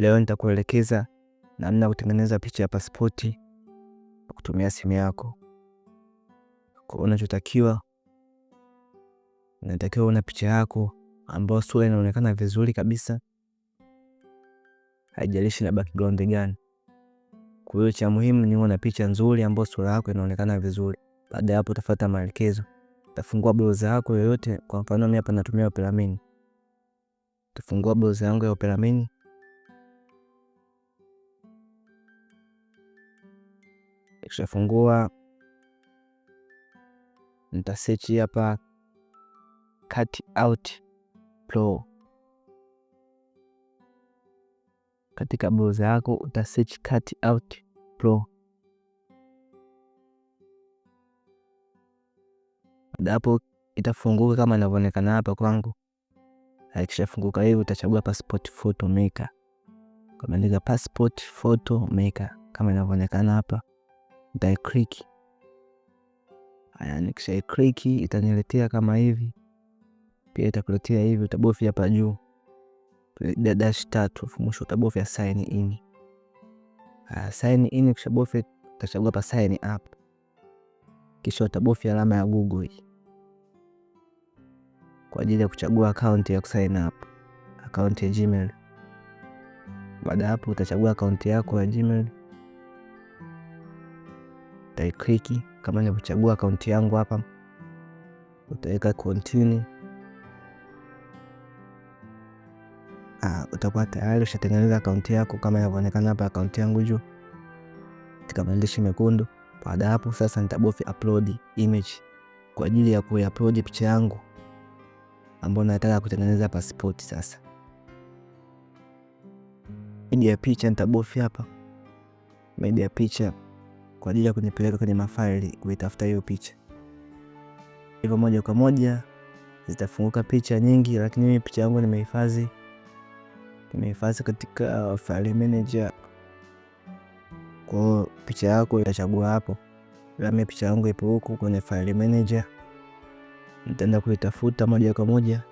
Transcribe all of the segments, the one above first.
Leo nitakuelekeza namna ya kutengeneza picha ya pasipoti kwa kutumia simu yako. Kwa unachotakiwa, unatakiwa una picha yako ambayo sura inaonekana vizuri kabisa, haijalishi na background gani. Kwa hiyo cha muhimu ni una picha nzuri ambayo sura yako inaonekana vizuri. Baada ya hapo, utafuata maelekezo, utafungua browser yako yoyote. Kwa mfano mimi hapa natumia Opera Mini, utafungua browser yangu ya Opera Mini. Nikishafungua nita search hapa out Pro. Katika browser yako uta search out Pro. Baada hapo itafunguka kama inavyoonekana hapa kwangu. Ikishafunguka hivi utachagua passport photo maker, ukaandika passport photo maker kama inavyoonekana hapa nitaiclick haya nikishaiclick itaniletea kama hivi pia itakuletea hivi utabofya hapa juu dash tatu afu mwisho utabofya sign in haya sign in ukishabofya utachagua pa sign up kisha utabofya alama ya Google hii kwa ajili ya kuchagua akaunti ya kusign up, akaunti ya Gmail. Baada hapo utachagua akaunti yako ya Gmail utaikliki kama nilivyochagua akaunti yangu hapa, utaweka continue. Ah, utakuwa tayari ushatengeneza akaunti yako kama inavyoonekana hapa, akaunti yangu juu katika maandishi mekundu. Baada ya hapo sasa nitabofya upload image kwa ajili ya kuupload picha yangu ambayo nataka kutengeneza pasipoti. Sasa media picha nitabofya hapa media ya picha kwa ajili ya kunipeleka kwenye mafaili kuitafuta hiyo picha. Hivyo moja kwa moja zitafunguka picha nyingi, lakini mimi picha yangu nimehifadhi nimehifadhi katika file manager. Kwa picha yako itachagua hapo, ila mimi picha yangu ipo huku kwenye file manager. Nitaenda kuitafuta moja kwa moja,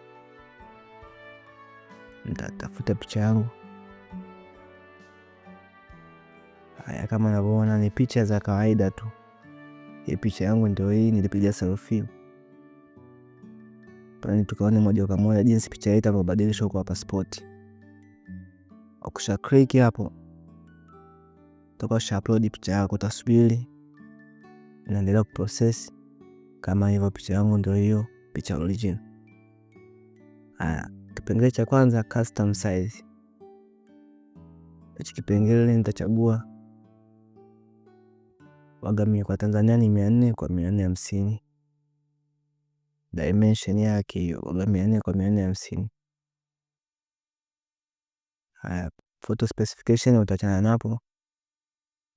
nitatafuta picha yangu. Haya, kama unavyoona ni picha za kawaida tu. Hii picha yangu ndio hii, nilipiga selfie pale, yaani tukaona moja kwa moja jinsi picha hii itavyobadilishwa kwa passport. Ukisha click hapo, utakwisha upload picha yako, utasubiri inaendelea kuprocess. Kama hivyo, picha yangu ndio hiyo, picha original. Haya, kipengele cha kwanza custom size, hichi kipengele nitachagua Wagamia kwa Tanzania ni mia nne kwa mia nne hamsini dimension yake hiyo waga mia nne kwa mia nne hamsini. Haya, photo specification utachana napo,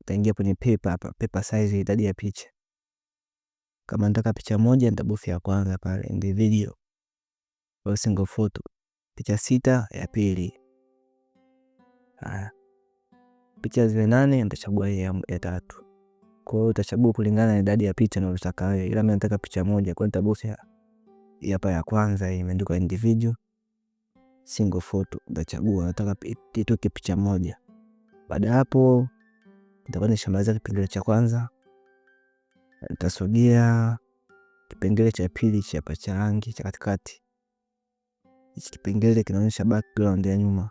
utaingia kwenye paper hapa. Paper size, idadi ya picha. Kama nataka picha moja nitabofya ya kwanza pale, ndi video single photo, picha sita ya pili. Haya, picha ziwe nane, nitachagua ya tatu. Kwa hiyo utachagua kulingana na idadi ya picha unayotaka wewe, ila mimi nataka picha moja, kwa hiyo nitabofya hapa ya kwanza imeandikwa individual single photo, utachagua nataka itoke picha moja. Baada ya hapo nitakuwa nishamaliza kipengele cha kwanza, nitasogea kipengele cha pili cha hapa cha rangi cha katikati, hichi kipengele kinaonyesha background ya nyuma.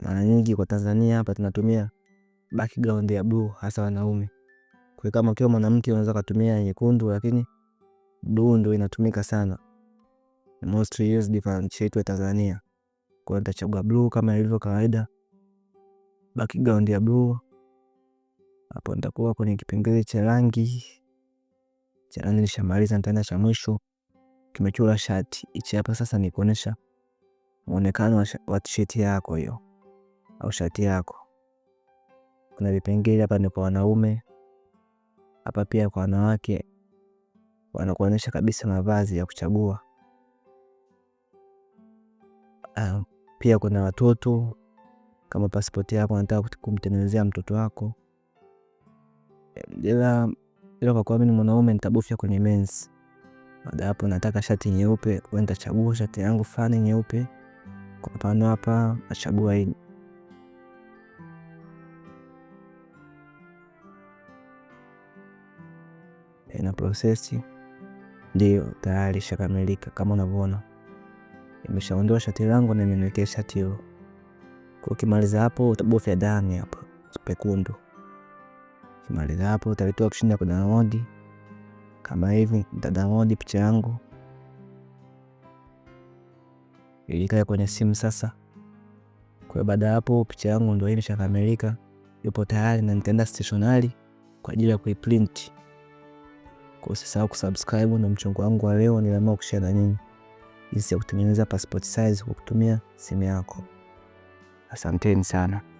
Mara nyingi kwa Tanzania hapa tunatumia background ya blue, hasa wanaume. Kwa kama ukiwa mwanamke unaweza kutumia nyekundu, lakini blue ndio inatumika sana, most used kwa nchi yetu ya Tanzania. Kwa hiyo nitachagua blue kama ilivyo kawaida, background ya blue. Hapo nitakuwa kwenye kipengele cha rangi cha rangi, nishamaliza, nitaenda cha mwisho kimechora shati. Hichi hapa sasa ni kuonesha muonekano wa t-shirt yako hiyo au shati yako. Kuna vipengele hapa ni kwa wanaume hapa pia kwa wanawake wanakuonyesha kabisa mavazi ya kuchagua. Ah, pia kuna watoto kama pasipoti yako unataka kumtengenezea mtoto wako, ila kwa kuwa mimi ni mwanaume nitabofya kwenye men's. Baada hapo nataka shati nyeupe, nitachagua shati yangu fani nyeupe, kwa mfano hapa nachagua hii ina eh, prosesi ndio tayari ishakamilika kama unavyoona imeshaondoa shati langu na imeniwekea shati hilo. Ukimaliza hapo utabofya dani hapo pekundu. Ukimaliza hapo utalitoa kushinda kwa download kama hivi, download picha yangu ili kwenye simu sasa. Kwa hiyo baada hapo picha yangu ndio imeshakamilika, yupo tayari na nitaenda stationari kwa ajili ya kuiprint. Kwa usisahau kusubscribe na mchongo wangu wa leo niliamua kushare na nyinyi jinsi ya kutengeneza passport size kwa kutumia simu yako. Asanteni sana.